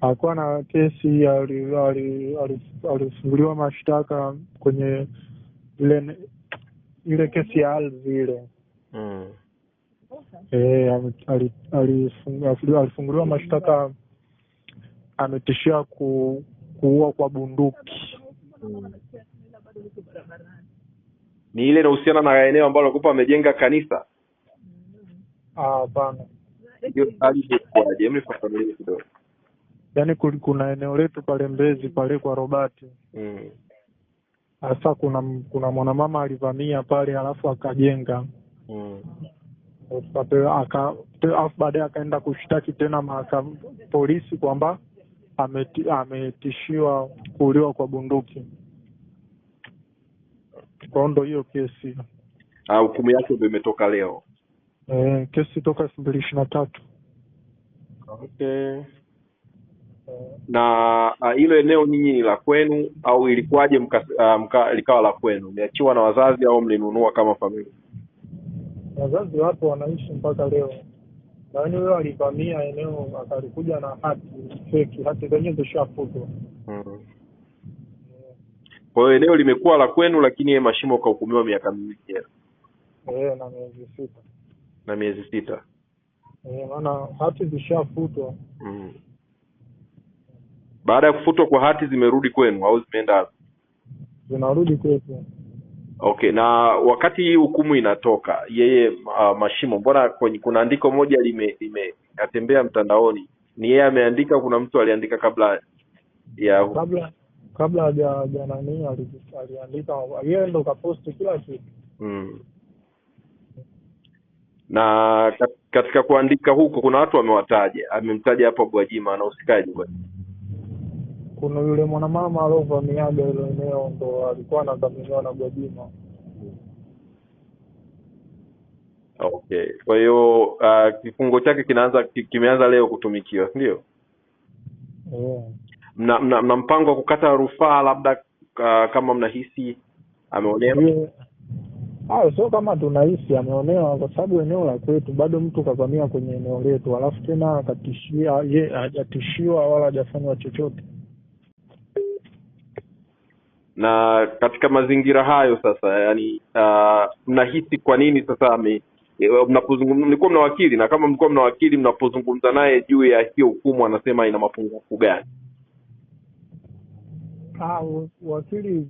hakuwa na kesi, alifunguliwa mashtaka kwenye ile ile kesi ya ardhi ile mm. E, alifunguliwa mashtaka, ametishia ku, kuua kwa bunduki mm. Ni ile inahusiana na eneo ambalo alikuwa amejenga kanisa. Ah, hapana, hiyo hali ilikuwaje? Mnifafanulie kidogo yani kuna eneo letu pale Mbezi mm. pale kwa Robati mm. hasa mm. kuna kuna mwanamama alivamia pale alafu akajenga mm. baadaye akaenda kushtaki tena mahakama polisi kwamba ametishiwa ametishiwa kuuliwa kwa bunduki kwao ndo hiyo kesi ah, hukumu yake ndo imetoka leo e, kesi toka elfu mbili ishiri na tatu okay na uh, eneo nyinyi ni la kwenu au ilikuwaje uh, likawa la kwenu? Mliachiwa na wazazi au mlinunua kama familia? Wazazi wapo wanaishi mpaka leo, lakini huyo alivamia eneo akalikuja na hati feki, hati zenyewe zishafutwa. mm. Kwa eneo limekuwa la kwenu, lakini e Mashimo ukahukumiwa miaka miwili jela eh, e, na miezi sita na miezi sita e, hati zishafutwa. mm baada ya kufutwa kwa hati zimerudi kwenu au zimeenda Zinarudi kwetu. Okay, na wakati hii hukumu inatoka yeye, uh, Mashimo, mbona kwenye, kuna andiko moja lime mtandaoni, ni yeye ameandika, kuna mtu aliandika kabla ya kabla kabla haja aliandika yeye ndo kaposti kila kitu mm. Na katika kuandika huko kuna watu amewataja, amemtaja hapa Gwajima, anahusikaje Gwajima? kuna yule mwanamama aliovamiaga ilo eneo ndo alikuwa anadhaminiwa na Gwajima. Okay, kwa hiyo uh, kifungo chake kinaanza kimeanza leo kutumikiwa, si ndio? Yeah. Mna, mna, mna mpango wa kukata rufaa labda uh, kama mnahisi ameonewa? Yeah. Ah, sio kama tunahisi ameonewa, kwa sababu eneo la kwetu bado mtu kavamia kwenye eneo letu, alafu tena akatishia, ye wala hajafanywa chochote na katika mazingira hayo sasa, yani uh, mnahisi kwa nini sasa ame mnapozungumza mlikuwa mna wakili na kama mlikuwa mna wakili mnapozungumza naye juu ya hiyo hukumu anasema ina mapungufu gani? Ah, wakili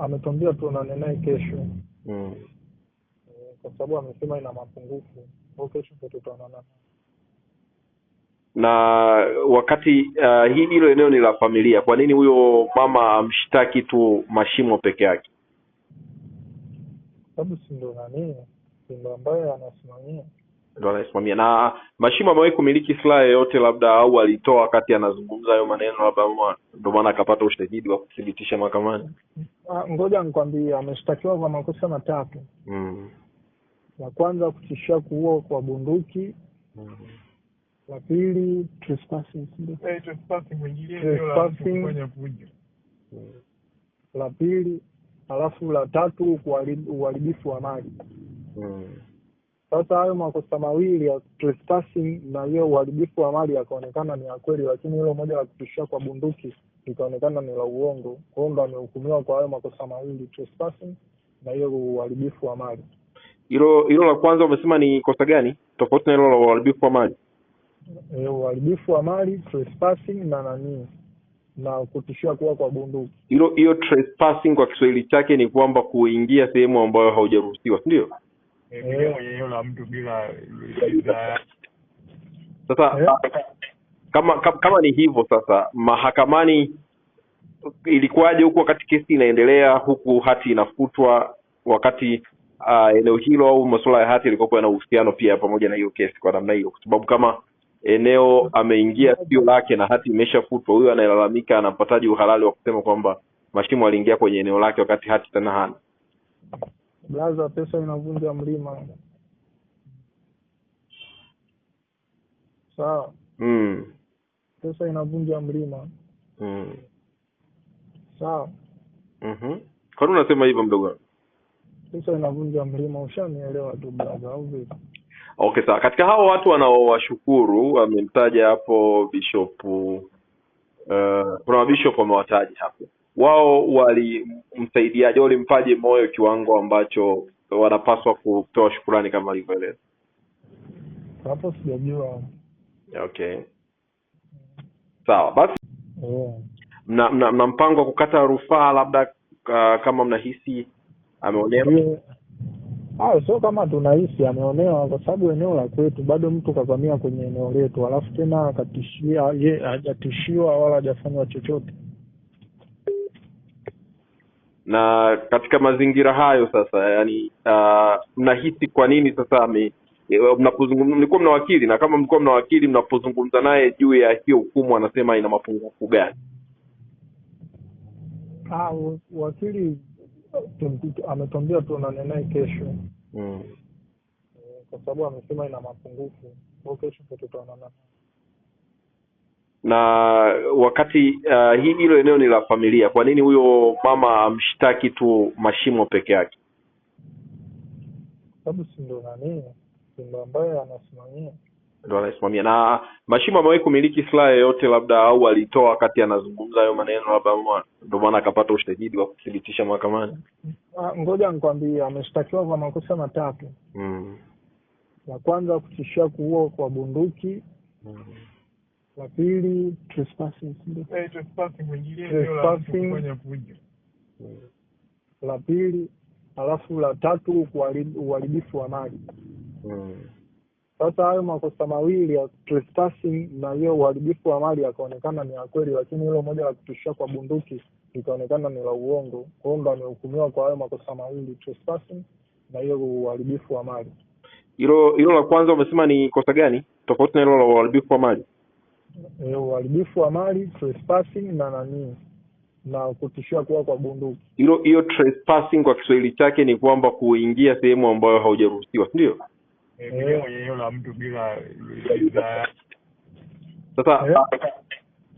ametwambia tuonane naye kesho mm. Kwa sababu amesema ina mapungufu, kesho tutaonana na wakati uh, hilo eneo ni la familia, kwa nini huyo mama amshtaki tu Mashimo peke yake? Sababu si ndo nani, ndo ambaye anasimamia, ndo anasimamia. Na Mashimo amewahi kumiliki silaha yoyote labda, au alitoa wakati anazungumza hayo maneno, labda ndo maana akapata ushahidi wa kuthibitisha mahakamani. Ah, ngoja nikwambie, ameshtakiwa kwa makosa matatu. mm. La kwanza kutishia kuua kwa bunduki. mm -hmm la pili eh, eh, la pili alafu la tatu uharibifu wa mali. Mm. Sasa hayo makosa mawili ya trespassing na hiyo uharibifu wa mali yakaonekana ni ya kweli, lakini hilo moja la kutishia kwa bunduki likaonekana ni la uongo. kwao ndo amehukumiwa kwa hayo makosa mawili, trespassing na hiyo uharibifu wa mali. Hilo hilo la kwanza umesema ni kosa gani tofauti na hilo la uharibifu wa mali? Eh, uharibifu wa mali trespassing na nani na kutishia kuwa kwa bunduki. Hilo hiyo trespassing kwa Kiswahili chake ni kwamba kuingia sehemu ambayo haujaruhusiwa, si ndio? Eh, sasa eh? Kama, kama kama ni hivyo sasa, mahakamani ilikuwaje huku wakati kesi inaendelea, huku hati inafutwa, wakati ah, eneo hilo au masuala ya hati yalikuwa na uhusiano pia pamoja na hiyo kesi kwa namna hiyo, kwa sababu kama eneo ameingia sio lake na hati imeshafutwa, huyo anayelalamika anapataje uhalali wa kusema kwamba Mashimo aliingia kwenye eneo lake wakati hati tena hana? Blaza, pesa inavunja mlima. Sawa. Mm. Pesa inavunja mlima. Mm. Sawa. Mhm. Mm Kwani unasema hivyo mdogo? Pesa inavunja mlima, ushanielewa tu blaza, au vipi? Okay, sawa. Katika hao watu wanaowashukuru wamemtaja hapo Bishop uh, eh, kuna mabishop wamewataja hapo, wao walimsaidiaje, walimpaje moyo kiwango ambacho wanapaswa kutoa shukurani kama alivyoeleza hapo? Sijajua. Okay, sawa basi, yeah. Mna, mna, mna mpango wa kukata rufaa labda, uh, kama mnahisi ameonewa sio kama tunahisi ameonewa, kwa sababu eneo la kwetu bado, mtu kavamia kwenye eneo letu, alafu tena akatishia ye, hajatishiwa wala hajafanywa chochote. Na katika mazingira hayo sasa, yani uh, mnahisi kwa nini sasa ame mnapozungumza mlikuwa mna wakili na kama mlikuwa mna wakili, mnapozungumza naye juu ya hiyo hukumu, anasema ina mapungufu gani? Ah, wakili ametuambia tuonane naye kesho mm. kwa sababu amesema ina mapungufu kwao, kesho ndo tutaonana. Na wakati uh, hii hilo eneo ni la familia, kwa nini huyo mama amshtaki tu Mashimo peke yake? Sababu sindo nanii sindo ndo ambaye anasimamia ndo anaisimamia na Mashimo amewahi kumiliki silaha yoyote labda, au alitoa wakati anazungumza hayo maneno, labda ndo maana akapata ushahidi wa kuthibitisha mahakamani. Ah, ngoja nikwambie, ameshtakiwa kwa makosa matatu mm. La kwanza kutishia kuua kwa bunduki mm. La pili La pili alafu la tatu uharibifu wa mali mm. Sasa hayo makosa mawili ya trespassing na hiyo uharibifu wa mali yakaonekana ni ya kweli, lakini hilo moja la kutushia kwa bunduki ikaonekana ni la uongo. Kwa hiyo ndo amehukumiwa kwa hayo makosa mawili, trespassing na hiyo uharibifu wa mali. Hilo hilo la kwanza umesema ni kosa gani tofauti na hilo la uharibifu wa mali? E, uharibifu wa mali trespassing na nani na kutishia kuwa kwa bunduki. Hiyo hiyo trespassing kwa Kiswahili chake ni kwamba kuingia sehemu ambayo haujaruhusiwa, ndio? Eh, eh. sasa eh.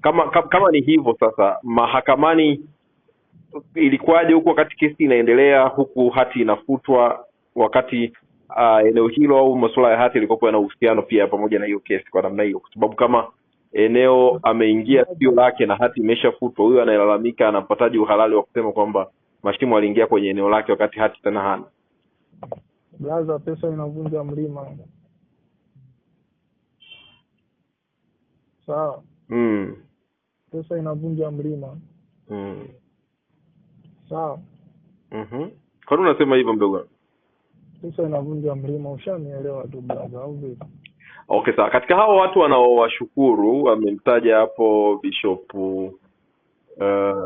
kama kama ni hivyo sasa mahakamani ilikuwaje huku wakati kesi inaendelea huku hati inafutwa wakati uh, eneo hilo au masuala ya hati ilikuwapo yana uhusiano pia pamoja na hiyo kesi kwa namna hiyo kwa sababu kama eneo ameingia sio lake na hati imeshafutwa huyo anayelalamika anampataji uhalali wa kusema kwamba mashimo aliingia kwenye eneo lake wakati hati tena hana Blaza, pesa inavunja mlima. Sawa. Mm. Pesa inavunja mlima. Mm. Sawa. Mhm. Mm Kwani unasema hivyo mdogo? Pesa inavunja mlima, ushanielewa tu blaza au vipi? Okay, sawa. Katika hao watu wanaowashukuru wamemtaja hapo bishop uh,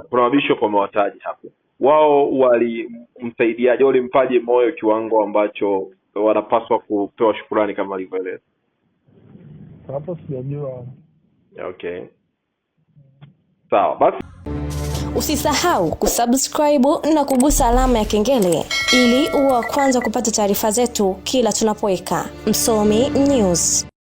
kuna mabishop wamewataja hapo wao walimsaidiaje, walimpaje moyo kiwango ambacho wanapaswa kupewa shukurani kama alivyoeleza hapo? Sijajua. Okay, sawa basi. Usisahau kusubscribe na kugusa alama ya kengele ili uwe wa kwanza kupata taarifa zetu kila tunapoweka Msomi News.